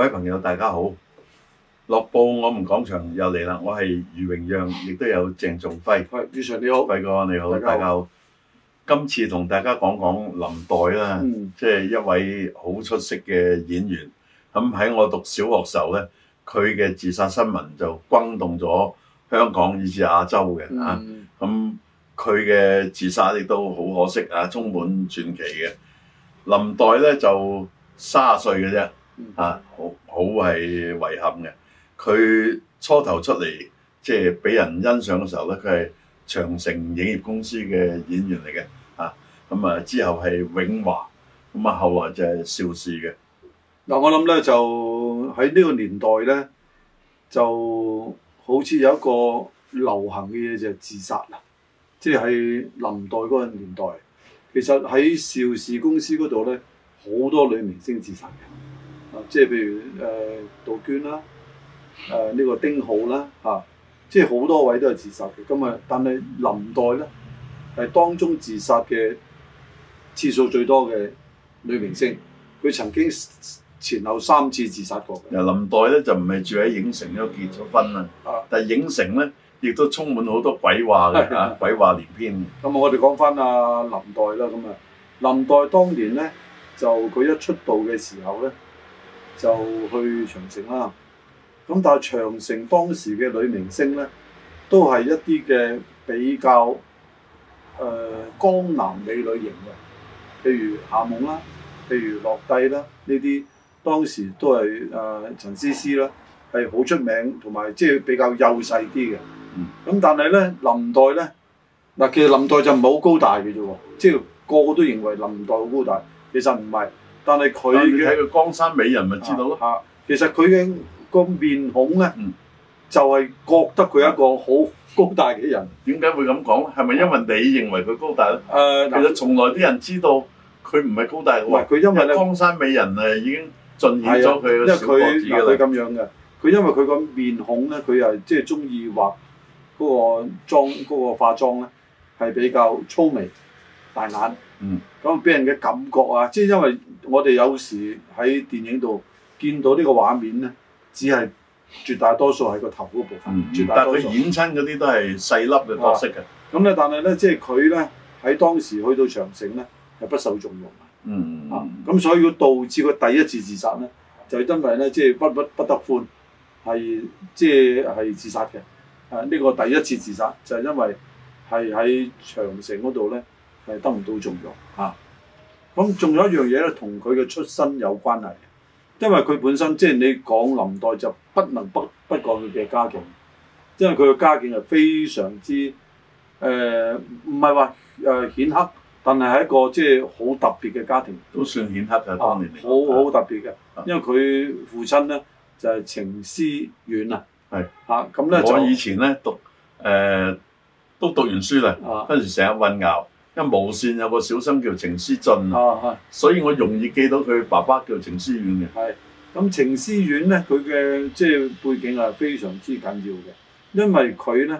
各位朋友，大家好！《樂報我們講場又嚟啦，我係余榮讓，亦都有鄭仲輝。係非你好，輝哥你好，大家好。今次同大家講講林黛啦，即、嗯、係、就是、一位好出色嘅演員。咁喺我讀小學時候呢，佢嘅自殺新聞就轟動咗香港以至亞洲嘅嚇。咁佢嘅自殺亦都好可惜啊，充滿傳奇嘅。林黛呢，就三十歲嘅啫。啊，好好係遺憾嘅。佢初頭出嚟即係俾人欣賞嘅時候咧，佢係長城影業公司嘅演員嚟嘅。啊，咁啊之後係永華，咁啊後來就係邵氏嘅。嗱，我諗咧就喺呢個年代咧，就好似有一個流行嘅嘢就係自殺啦。即係喺林黛嗰個年代，其實喺邵氏公司嗰度咧，好多女明星自殺嘅。即係譬如誒杜、呃、娟啦，誒呢個丁浩啦嚇、啊，即係好多位都係自殺嘅。咁啊，但係林黛咧係當中自殺嘅次數最多嘅女明星，佢曾經前後三次自殺過嘅。由林黛咧就唔係住喺影城咯，結咗婚啦。但係影城咧亦都充滿好多鬼話嘅嚇、啊，鬼話連篇嘅。咁啊，那我哋講翻阿林黛啦。咁啊，林黛當年咧就佢一出道嘅時候咧。就去長城啦，咁但係長城當時嘅女明星咧，都係一啲嘅比較誒、呃、江南美女型嘅，譬如夏夢啦，譬如樂蒂啦，呢啲當時都係誒、呃、陳詩詩啦，係好出名同埋即係比較幼細啲嘅。咁、嗯、但係咧林黛咧，嗱其實林黛就唔係好高大嘅啫喎，即、就、係、是、個個都認為林黛好高大，其實唔係。但係佢嘅江山美人咪知道咯、啊啊，其實佢嘅個面孔咧、嗯，就係、是、覺得佢一個好高大嘅人。點解會咁講？係咪因為你認為佢高大咧、啊？其實從來啲人知道佢唔係高大喂，佢、呃、因為江山美人啊，已經進咗佢嘅小王子啦。因為佢咁樣嘅，佢因為佢個、呃、面孔咧，佢係即係中意畫嗰個妝、嗰個化妝咧，係比較粗眉。大眼，咁、嗯、俾人嘅感覺啊！即、就、係、是、因為我哋有時喺電影度見到呢個畫面咧，只係絕大多數係個頭嗰部分，但係佢演親嗰啲都係細粒嘅角色嘅。咁咧，但係咧，即係佢咧喺當時去到長城咧係不受重用、嗯、啊！咁所以導致佢第一次自殺咧，就係因為咧即係不不不得歡，係即係係自殺嘅。誒、啊、呢、呢個第一次自殺就係因為係喺長城嗰度咧。得唔到重用嚇，咁、啊、仲有一樣嘢咧，同佢嘅出身有關係。因為佢本身即係、就是、你講林黛就不能不不過佢嘅家境，因為佢嘅家境係非常之誒唔係話誒顯赫，但係係一個即係好特別嘅家庭。都算顯赫嘅，當年好、啊、好、啊、特別嘅、啊，因為佢父親咧就係、是、程思遠啊。係嚇，咁咧我以前咧讀誒、呃啊、都讀完書啦，跟住成日混淆。無線有個小生叫程思俊啊，所以我容易記得佢爸爸叫程思遠嘅。係，咁程思遠咧，佢嘅即係背景係，非常之緊要嘅，因為佢咧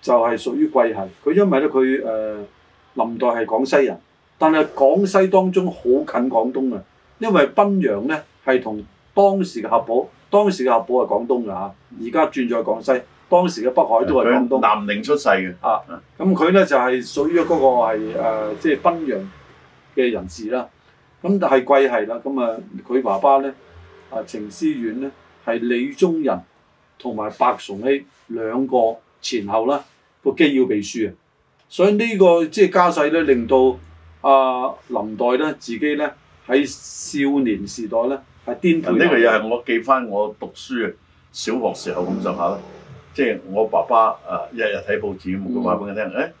就係屬於桂系。佢因為咧佢誒林黛係廣西人，但係廣西當中好近廣東嘅，因為賓陽咧係同當時嘅合浦，當時嘅合浦係廣東嘅啊，而家轉咗廣西。當時嘅北海都係廣東，東，他南寧出世嘅。啊，咁佢咧就係、是、屬於嗰個係即係賓陽嘅人士啦。咁但係貴係啦，咁啊佢爸爸咧啊、呃、程思遠咧係李宗仁同埋白崇禧兩個前後啦個機要秘書啊。所以呢、這個即係、就是、家世咧，令到阿、呃、林黛咧自己咧喺少年時代咧係顛沛。呢個又係我記翻我讀書小學時候咁上下啦。嗯嗯即係我爸爸啊，日日睇報紙，咪講話俾佢聽。誒、嗯哎，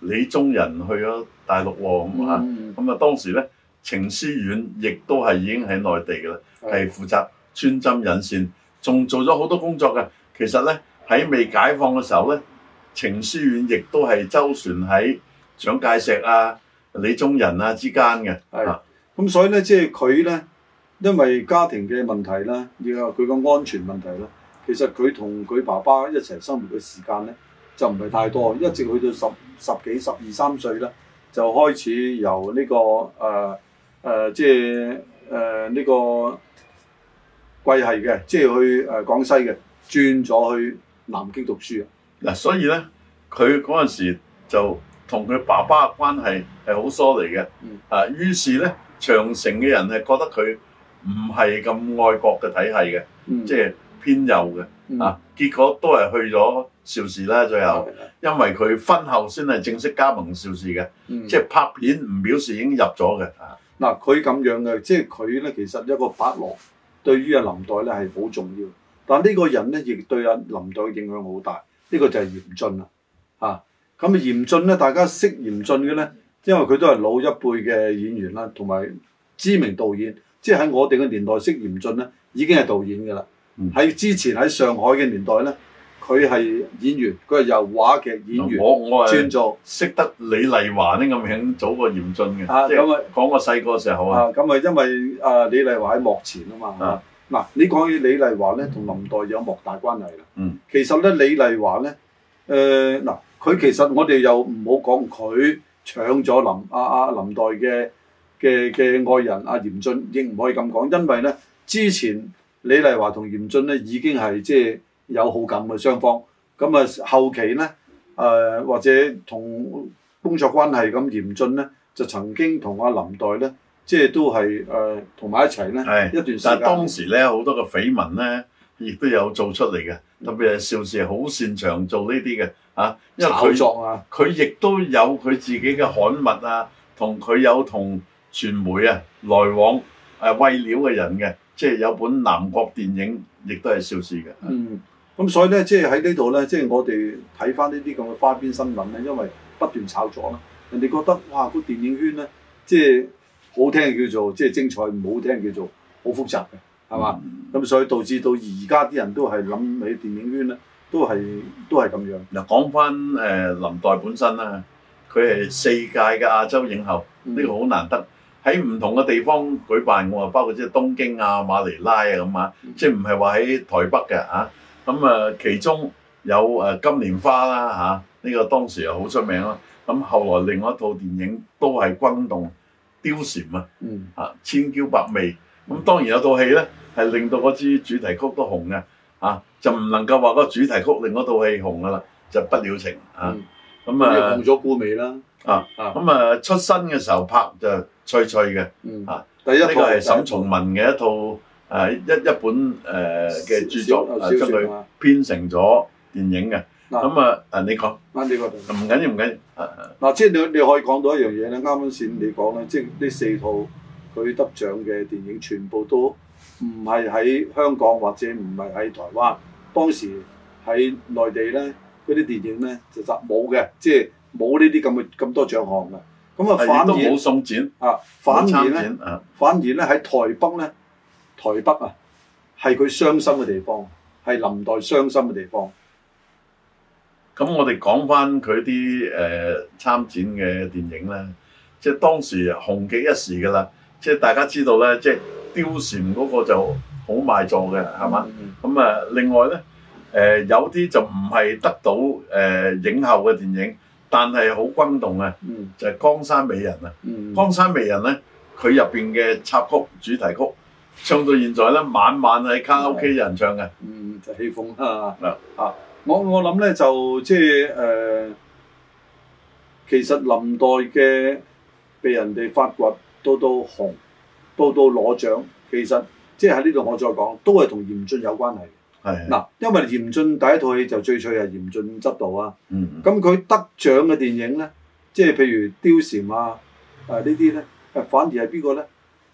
李宗仁去咗大陸喎，咁、嗯、啊，咁、嗯、啊，嗯嗯、當時咧，程思遠亦都係已經喺內地嘅啦，係負責穿針引線，仲做咗好多工作嘅。其實咧，喺未解放嘅時候咧，程思遠亦都係周旋喺蔣介石啊、李宗仁啊之間嘅。係。咁所以咧，即係佢咧，因為家庭嘅問題啦，要佢個安全問題啦。其實佢同佢爸爸一齊生活嘅時間咧，就唔係太多，一直去到十十幾、十二三歲啦，就開始由呢、這個誒誒、呃呃，即係誒呢個桂系嘅，即係去誒廣、呃、西嘅，轉咗去南京讀書啊！嗱，所以咧，佢嗰陣時就同佢爸爸嘅關係係好疏離嘅。啊，於是咧，長城嘅人係覺得佢唔係咁愛國嘅體系嘅、嗯，即係。天有嘅啊，結果都係去咗邵氏啦。最後，因為佢婚後先係正式加盟邵氏嘅，即係拍片唔表示已經入咗嘅。嗱、嗯，佢咁樣嘅，即係佢咧，其實一個伯樂對於阿林黛咧係好重要。但呢個人咧，亦對阿林黛影響好大。呢、這個就係嚴俊啦。嚇咁嚴俊咧，大家識嚴俊嘅咧，因為佢都係老一輩嘅演員啦，同埋知名導演。即係喺我哋嘅年代識嚴俊咧，已經係導演㗎啦。喺之前喺上海嘅年代咧，佢係演員，佢係油畫嘅演員。我我係轉做識得李麗華呢，咁樣早過嚴俊嘅，即係講個細個時候啊。咁啊，因為啊李麗華喺幕前啊嘛。嗱，你講起李麗華咧，同林黛有莫大關係啦、嗯。其實咧，李麗華咧，誒、呃、嗱，佢其實我哋又唔好講佢搶咗林阿阿、啊、林黛嘅嘅嘅愛人阿、啊、嚴俊亦唔可以咁講，因為咧之前。李麗華同嚴俊咧已經係即係有好感嘅雙方，咁啊後期咧誒或者同工作關係咁，嚴俊咧就曾經同阿林黛咧，即係都係誒同埋一齊咧一段時間。但當時咧好多嘅緋聞咧，亦都有做出嚟嘅，特別係邵氏好擅長做呢啲嘅啊，因為佢佢亦都有佢自己嘅刊物啊，同佢有同傳媒啊來往誒、啊、喂料嘅人嘅。即係有本南國電影，亦都係消失嘅。嗯，咁所以咧，即係喺呢度咧，即係我哋睇翻呢啲咁嘅花邊新聞咧，因為不斷炒作啦。人哋覺得哇，個電影圈咧，即係好聽叫做即係精彩，唔好聽叫做好複雜嘅，係嘛？咁所以導致到而家啲人都係諗起電影圈咧，都係都係咁樣。嗱，講翻誒林黛本身啦，佢係四屆嘅亞洲影后，呢個好難得。喺唔同嘅地方舉辦，我啊包括即係東京啊、馬尼拉啊咁啊，即係唔係話喺台北嘅啊。咁啊，其中有誒金蓮花啦嚇，呢、啊這個當時又好出名咯。咁、啊、後來另外一套電影都係轟動貂蟬啊，嚇千嬌百媚。咁、啊、當然有套戲咧，係令到嗰支主題曲都紅嘅，嚇、啊、就唔能夠話嗰主題曲令嗰套戲紅噶啦，就不了情嚇。咁啊，換咗孤味啦。嗯啊，咁啊，出身嘅時候拍就翠翠嘅、嗯，啊，是一第一個係沈從文嘅一套誒一一本誒嘅、呃、著作，小小將佢編成咗電影嘅。咁啊，誒你講，唔緊要唔緊要，嗱，即係你你可以講到一樣嘢咧，啱啱先你講咧，即係呢四套佢得獎嘅電影，全部都唔係喺香港或者唔係喺台灣，當時喺內地咧嗰啲電影咧就集冇嘅，即係。冇呢啲咁嘅咁多獎項嘅，咁啊反而冇送展啊冇參展反而咧、啊、反而咧喺台北咧台北啊係佢傷心嘅地方，係林黛傷心嘅地方。咁、嗯、我哋講翻佢啲誒參展嘅電影咧，即係當時紅極一時嘅啦。即係大家知道咧，即係貂蟬嗰個就好賣座嘅，係嘛？咁、嗯、啊，另外咧誒、呃、有啲就唔係得到誒、呃、影后嘅電影。但係好轟動啊！就係《江山美人》啊，《江山美人》咧，佢入邊嘅插曲主題曲，唱到現在咧，晚晚係卡拉 OK 人唱嘅。嗯，就氣風啊！啊，我我諗咧就即係誒，其實林黛嘅被人哋發掘，到到紅，到到攞獎，其實即係喺呢度我再講，都係同嚴俊有關係。嗱，因為嚴俊第一套戲就最脆係嚴俊執導啊，咁、嗯、佢得獎嘅電影咧，即係譬如《貂蟬》啊，誒呢啲咧，誒反而係邊個咧？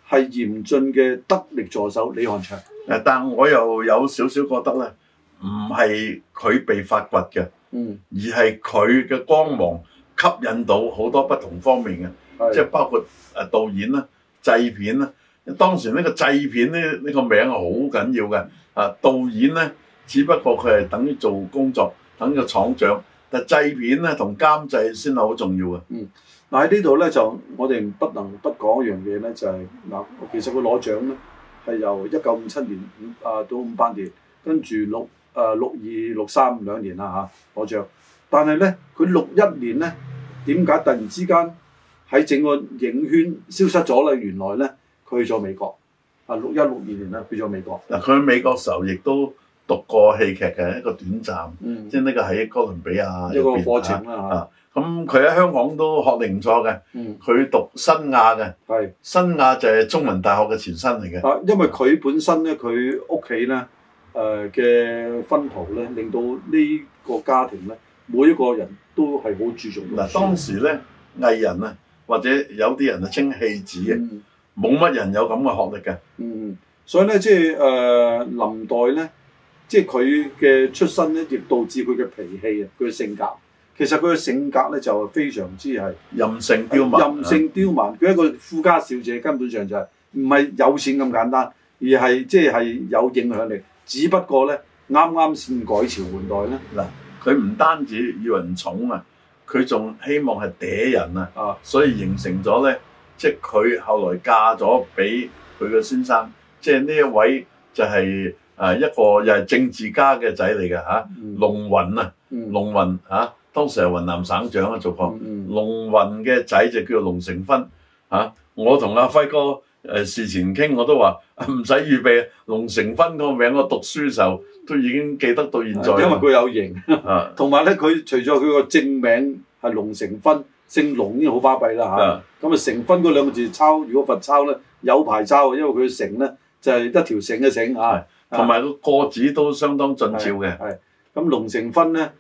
係嚴俊嘅得力助手李翰祥。誒，但我又有少少覺得咧，唔係佢被發掘嘅、嗯，而係佢嘅光芒吸引到好多不同方面嘅，即係包括誒導演啦、製片啦。當時呢個製片呢，呢個名係好緊要嘅。啊導演咧只不過佢係等於做工作，等個廠長，但製片咧同監製先係好重要嘅。嗯，嗱喺呢度咧就我哋不能不講一樣嘢，咧就係、是、嗱，其實佢攞獎咧係由一九五七年五啊到五八年，跟住六啊六二六三兩年啦吓，攞獎。但係咧佢六一年咧點解突然之間喺整個影圈消失咗咧？原來咧。佢去咗美國，啊六一六二年啦，去咗美國。嗱佢喺美國時候，亦都讀過戲劇嘅一個短暫，即係呢個喺哥倫比亞一個課程啦嚇。咁佢喺香港都學歷唔錯嘅，佢、嗯、讀新亞嘅。新亞就係中文大學嘅前身嚟嘅。啊，因為佢本身咧，佢屋企咧，誒、呃、嘅分佈咧，令到呢個家庭咧，每一個人都係好注重的。嗱、嗯、當時咧，藝人啊，或者有啲人啊，稱戲子嘅。嗯冇乜人有咁嘅學歷嘅，嗯，所以咧，即係誒林黛咧，即係佢嘅出身咧，亦導致佢嘅脾氣啊，佢嘅性格。其實佢嘅性格咧就非常之係任性刁蠻，任性刁蠻。佢、嗯、一個富家小姐，根本上就係唔係有錢咁簡單，而係即係有影響力。只不過咧，啱啱先改朝換代呢，嗱，佢唔單止要人寵啊，佢仲希望係嗲人啊，所以形成咗咧。即係佢後來嫁咗俾佢嘅先生，即係呢一位就係一個又係政治家嘅仔嚟嘅嚇。龍雲啊、嗯，龍雲嚇、啊，當時係雲南省長啊，做過。嗯、龍雲嘅仔就叫龍繩勳、啊。我同阿輝哥、呃、事前傾，我都話唔使預備。龍繩勳嗰個名，我讀書時候都已經記得到現在。因為佢有型。同埋咧，佢除咗佢個正名係龍繩勳，姓龍已經好巴閉啦，咁啊繩勳嗰兩個字抄，如果罰抄咧有排抄啊，因為佢繩咧就係、是、一條繩嘅繩嚇，同埋、啊啊、個個字都相當盡照嘅，咁龍、啊啊、繩勳咧，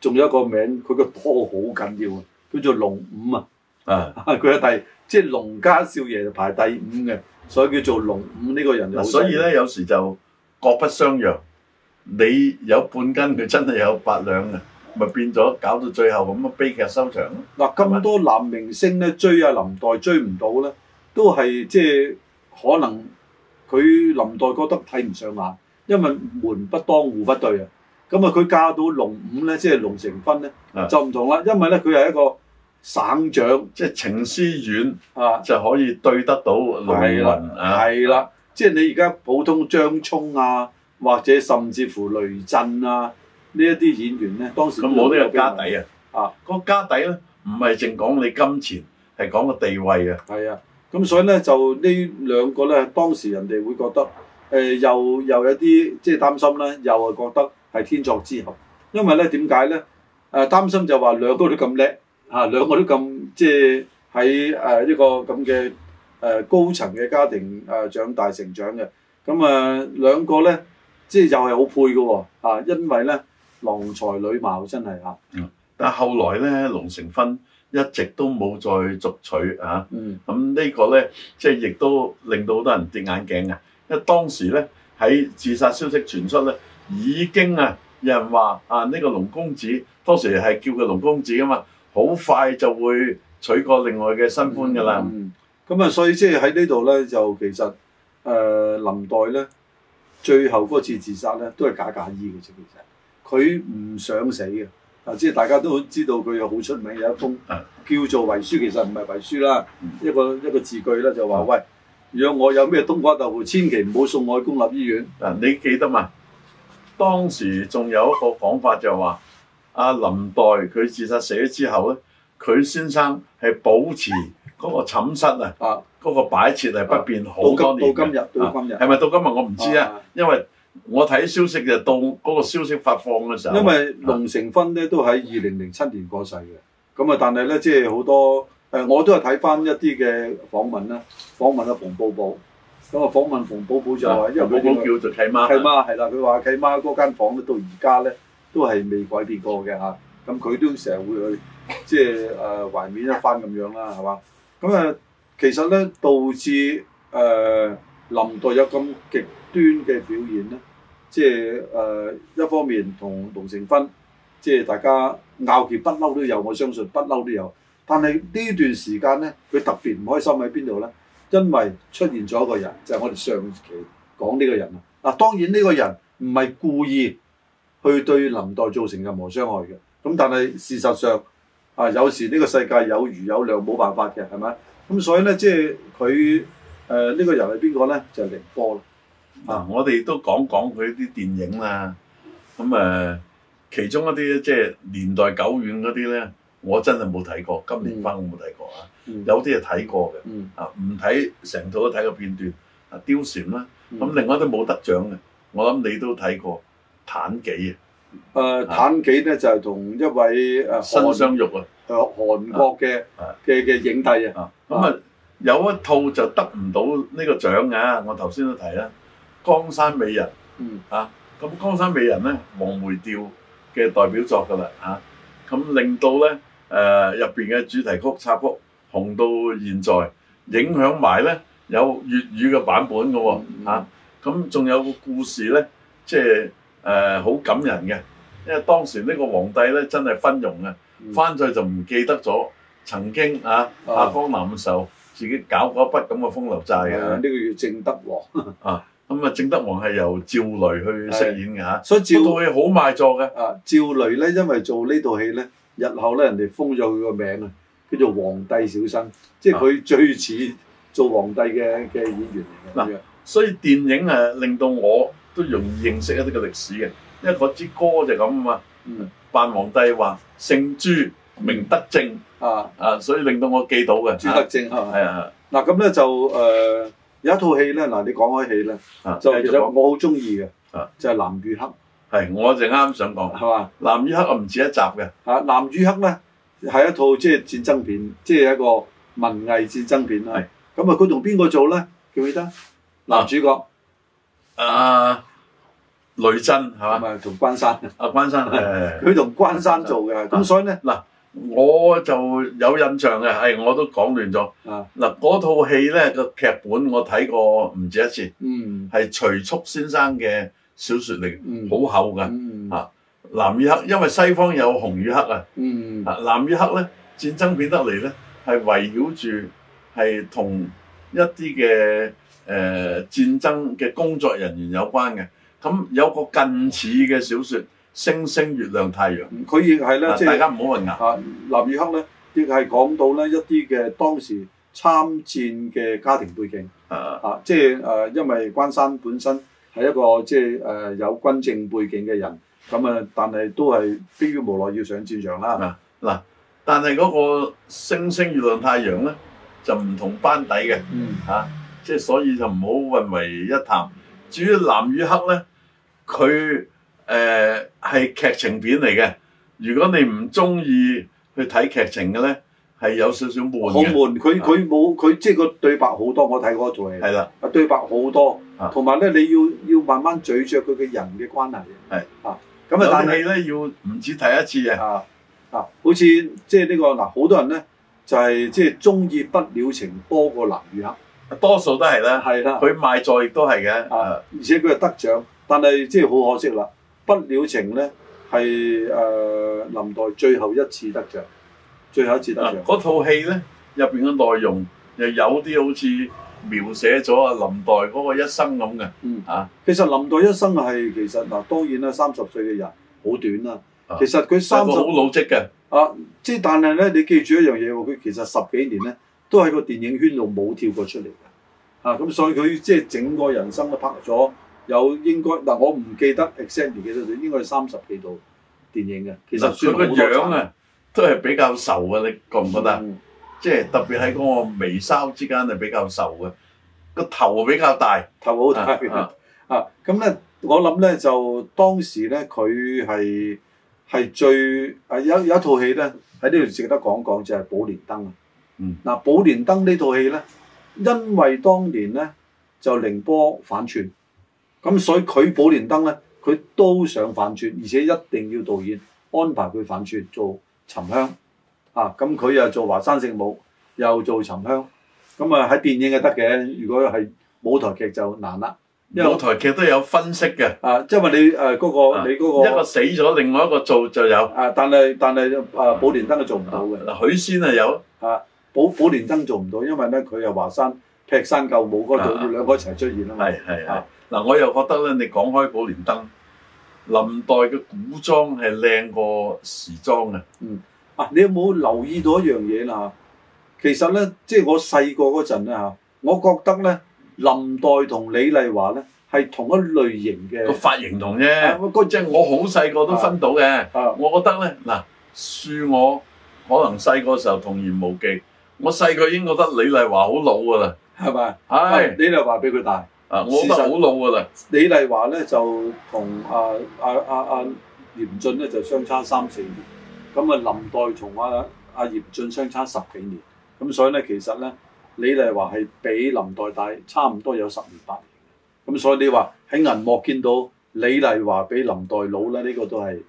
仲有一個名，佢個多好緊要啊，叫做龍五啊。啊，佢係第即係龍家少爺就排第五嘅，所以叫做龍五呢個人。所以咧，有時就各不相讓，你有半斤佢真係有八兩嘅、啊。咪變咗，搞到最後咁嘅悲劇收場咯。嗱，咁多男明星咧追呀、啊，林黛追唔到咧，都係即係可能佢林黛覺得睇唔上眼，因為門不當戶不對啊。咁啊佢嫁到龍五咧，即、就、係、是、龍成婚咧就唔同啦，因為咧佢係一個省長，即係情思遠啊，就可以對得到雷雲啊。係啦，即係你而家普通張沖啊，或者甚至乎雷震啊。呢一啲演員咧，當時咁我都有家底啊！啊，個家底咧，唔係淨講你金錢，係講個地位嘅。係啊，咁、啊、所以咧，就兩呢兩個咧，當時人哋會覺得，呃、又又有啲即係擔心呢，又係覺得係天作之合。因為咧點解咧？誒擔、呃、心就話兩個都咁叻嚇，兩、啊、個都咁即係喺誒一個咁嘅、啊啊、高層嘅家庭誒、啊、長大成長嘅。咁啊兩個咧，即係又係好配㗎喎、啊、因為咧。郎才女貌真係啊！嗯，但係後來咧，龍成勳一直都冇再續娶。啊。嗯，咁呢個咧，即係亦都令到好多人跌眼鏡啊，因為當時咧喺自殺消息傳出咧，已經啊，有人話啊，呢個龍公子當時係叫佢龍公子啊嘛，好快就會娶過另外嘅新歡噶啦。嗯，咁、嗯、啊，所以即係喺呢度咧，就其實臨、呃、林黛咧，最後嗰次自殺咧，都係假假醫嘅啫，其實。佢唔想死嘅，啊，即係大家都知道佢有好出名，有一封叫做遺書，其實唔係遺書啦、嗯，一個一個字句啦，就、嗯、話：喂，若我有咩冬瓜豆腐，千祈唔好送我去公立醫院。啊，你記得嘛？當時仲有一個講法就係話：阿林黛佢自殺死咗之後咧，佢先生係保持嗰個診室啊，嗰個擺設係不變好多年到今日，到今日係咪到今日到今日我唔知啊，因為。我睇消息就到嗰個消息發放嘅時候，因為龍成勳咧都喺二零零七年過世嘅，咁啊但係咧即係好多誒、呃，我都係睇翻一啲嘅訪問啦，訪問阿馮寶寶，咁啊訪問馮寶寶就話、是啊，因為寶寶叫做契媽、啊、媽，契媽係啦，佢話契媽嗰間房咧到而家咧都係未改變過嘅吓，咁、啊、佢都成日會去即係誒、呃、懷念一番咁樣啦，係嘛，咁啊其實咧導致誒。呃林黛有咁極端嘅表現咧，即係誒一方面同龍繩勳，即係大家拗撬不嬲都有，我相信不嬲都有。但係呢段時間咧，佢特別唔開心喺邊度咧？因為出現咗一個人，就係我哋上期講呢個人啦。嗱，當然呢個人唔係故意去對林黛造成任何傷害嘅。咁但係事實上，啊有時呢個世界有瑜有亮，冇辦法嘅，係咪？咁所以咧，即係佢。誒、呃、呢、這個人係邊個咧？就凌、是、波了、啊啊、講講啦。啊，我哋都講講佢啲電影啦。咁誒，其中一啲即係年代久遠嗰啲咧，我真係冇睇過。今年翻我冇睇過啊。嗯、有啲係睇過嘅、嗯。啊，唔睇成套都睇過片段。嗯、啊，貂蟬啦。咁、啊、另外都冇得獎嘅，我諗你都睇過。妲己啊，啊？妲己咧、啊、就係、是、同一位誒申相玉啊，啊，韓國嘅嘅嘅影帝啊。咁啊。啊嗯啊啊有一套就得唔到呢個獎啊。我頭先都提啦，《江山美人》嗯、啊，咁《江山美人》呢咧，黃梅調嘅代表作㗎啦，啊，咁令到咧誒入面嘅主題曲、插曲紅到現在，影響埋咧有粵語嘅版本㗎喎，啊，咁、啊、仲有個故事咧，即係誒好感人嘅，因為當時呢個皇帝咧真係昏庸、嗯、去啊，翻再就唔記得咗曾經啊，阿江南秀。自己搞嗰一筆咁嘅風流債啊！呢、呢個叫正德王啊！咁啊，正德王係由趙雷去飾演嘅嚇，所以呢套戲好賣座嘅。啊，趙雷咧，因為做呢套戲咧，日後咧人哋封咗佢個名啊，叫做皇帝小生，即係佢最似做皇帝嘅嘅演員嚟嘅。嗱、啊，所以電影啊，令到我都容易認識一啲嘅歷史嘅，因為嗰支歌就咁啊嘛。扮皇帝話姓朱。明德正啊啊，所以令到我記到嘅朱德正係啊。嗱咁咧就誒有一套戲咧，嗱你講開戲咧，就其實我好中意嘅，就係《藍與黑》。係，我就啱啱想講係嘛，《藍與黑》我唔止一集嘅。嚇，《藍與黑》咧係一套即係戰爭片，即係一個文藝戰爭片啦。係咁啊，佢同邊個做咧？記唔記得男主角？誒，雷震係嘛咪同關山？阿關山，係佢同關山做嘅，咁所以咧嗱。我就有印象嘅，係我都講亂咗。嗱，嗰套戲咧，個劇本我睇過唔止一次，係、嗯、徐速先生嘅小說嚟，好、嗯、厚嘅、嗯。啊，藍與黑，因為西方有紅與黑啊、嗯。啊，藍與黑咧，戰爭片得嚟咧，係圍繞住係同一啲嘅誒戰爭嘅工作人員有關嘅。咁有個近似嘅小說。星星、月亮、太陽，佢亦係咧，即、啊、係、就是、大家唔好混淆啊！藍與黑咧，亦係講到咧一啲嘅當時參戰嘅家庭背景啊，即係誒，因為關山本身係一個即係誒有軍政背景嘅人，咁啊，啊，但係都係逼於無奈要上戰場啦。嗱，但係嗰個星星、月亮、太陽咧，就唔同班底嘅嚇，即、嗯、係、啊就是、所以就唔好混為一談。至於藍與黑咧，佢。誒、呃、係劇情片嚟嘅，如果你唔中意去睇劇情嘅咧，係有少少悶好悶，佢佢冇佢即係個對白好多。我睇嗰套戲係啦，對白好多，同埋咧你要要慢慢咀嚼佢嘅人嘅關係。係啊，咁啊，但係咧要唔止睇一次嘅，啊啊。啊，好似即係呢個嗱，好、啊、多人咧就係即係中意不了情多過藍與黑，多數都係啦。係啦，佢賣座亦都係嘅。啊，而且佢係得獎，但係即係好可惜啦。不了情咧，係誒、呃、林黛最後一次得獎，最後一次得獎。嗰套戲咧，入邊嘅內容又有啲好似描寫咗阿林黛嗰個一生咁嘅。嚇、嗯啊，其實林黛一生係其實嗱，當然啦，三十歲嘅人好短啦、啊。其實佢三十好老積嘅。啊，即係但係咧，你記住一樣嘢喎，佢其實十幾年咧都喺個電影圈度冇跳過出嚟嘅。啊，咁所以佢即係整個人生都拍咗。有應該嗱，我唔記得 exactly 記得，應該三十幾度電影嘅。其實佢個樣啊，都係比較瘦嘅，你覺唔覺得？嗯、即係特別喺嗰個眉梢之間係比較瘦嘅，個頭比較大。頭好大啊！咁、啊、咧、啊啊，我諗咧就當時咧佢係係最有有一套戲咧喺呢度值得講講就係、是《寶蓮燈》啊。嗱，《寶蓮燈》呢套戲咧，因為當年咧就凌波反串。咁所以佢寶蓮燈咧，佢都想反串，而且一定要導演安排佢反串做沉香啊！咁佢又做華山聖母，又做沉香。咁啊喺電影係得嘅，如果係舞台劇就難啦。舞台劇都有分析嘅啊，因、就、為、是、你誒嗰、嗰個、啊、你嗰、嗰個一個死咗，另外一個做就有啊，但係但係誒寶蓮燈佢做唔到嘅嗱，許仙啊有啊，寶連啊啊寶蓮燈做唔到，因為咧佢又華山劈山救母嗰度，啊、兩個一齊出現啊嘛，係係係。嗱，我又覺得咧，你講開《寶蓮燈》，林黛嘅古裝係靚過時裝嘅。嗯，啊，你有冇留意到一樣嘢啦？嚇，其實咧，即係我細個嗰陣咧嚇，我覺得咧，林黛同李麗華咧係同一類型嘅個髮型同啫。嗰隻我好細個都分到嘅。我覺得咧，嗱，恕我可能細個時候童言無忌，我細個已經覺得李麗華好老㗎喇。係咪？唉，李麗華比佢大，很的啊，我覺得好老㗎啦！李麗華咧就同啊啊啊啊嚴俊咧就相差三四年，咁啊林黛從啊阿嚴、啊、俊相差十幾年，咁所以咧其實咧李麗華係比林黛大差唔多有十年八年，咁所以你話喺銀幕見到李麗華比林黛老咧，呢、呢個都係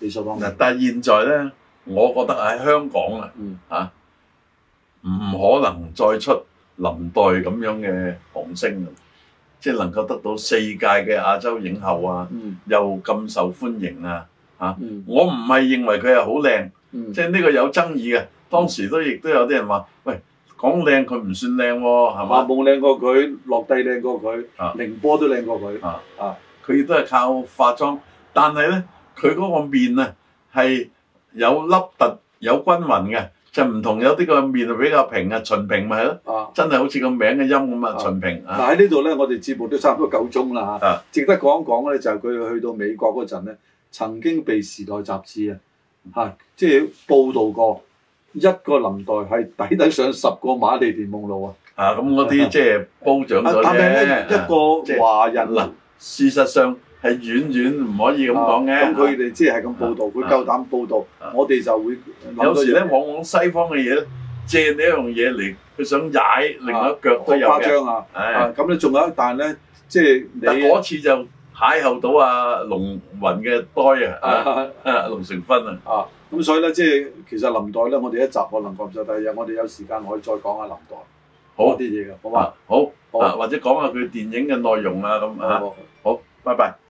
理所當然。但係現在咧，我覺得喺香港啊，嚇、嗯、唔、啊、可能再出林黛咁樣嘅紅星啊！即係能夠得到四屆嘅亞洲影后啊，嗯、又咁受歡迎啊嚇、啊嗯！我唔係認為佢係好靚，即係呢個有爭議嘅。當時都亦都有啲人話、嗯，喂，講靚佢唔算靚喎，係嘛？夏夢靚過佢，樂蒂靚過佢，凌波都靚過佢。啊也啊！佢亦都係靠化妝，但係咧，佢嗰個面啊係有凹凸，有均勻嘅。就唔同，有啲個面就比較平啊，秦平咪咯，真係好似個名嘅音咁啊，秦平啊。嗱，喺呢度咧，我哋節目都差唔多夠鐘啦嚇，值得講一講咧，就係佢去到美國嗰陣咧，曾經被《時代》雜誌啊嚇，即係報導過一個林黛係抵得上十個馬利蓮夢露啊。啊，咁嗰啲即係褒獎咗啫。但係咧，一個華人啦，事實上。係遠遠唔可以咁講嘅，咁佢哋即係咁報導，佢、啊、夠膽報導，啊、我哋就會有時咧，往往西方嘅嘢借你一樣嘢嚟，佢想踩另外一腳都有，好、啊、誇張啊！咁你仲有一旦咧，即係你嗰次就踩後到啊龍雲嘅呆啊，龍龍成芬啊，啊咁、啊就是啊啊啊啊啊啊、所以咧，即係其實林黛咧，我哋一集，林集一我能夠就，第二日我哋有時間可以再講下林黛。好啲嘢嘅，好、啊、好，好、啊、或者講下佢電影嘅內容啊咁啊，好，拜拜。拜拜。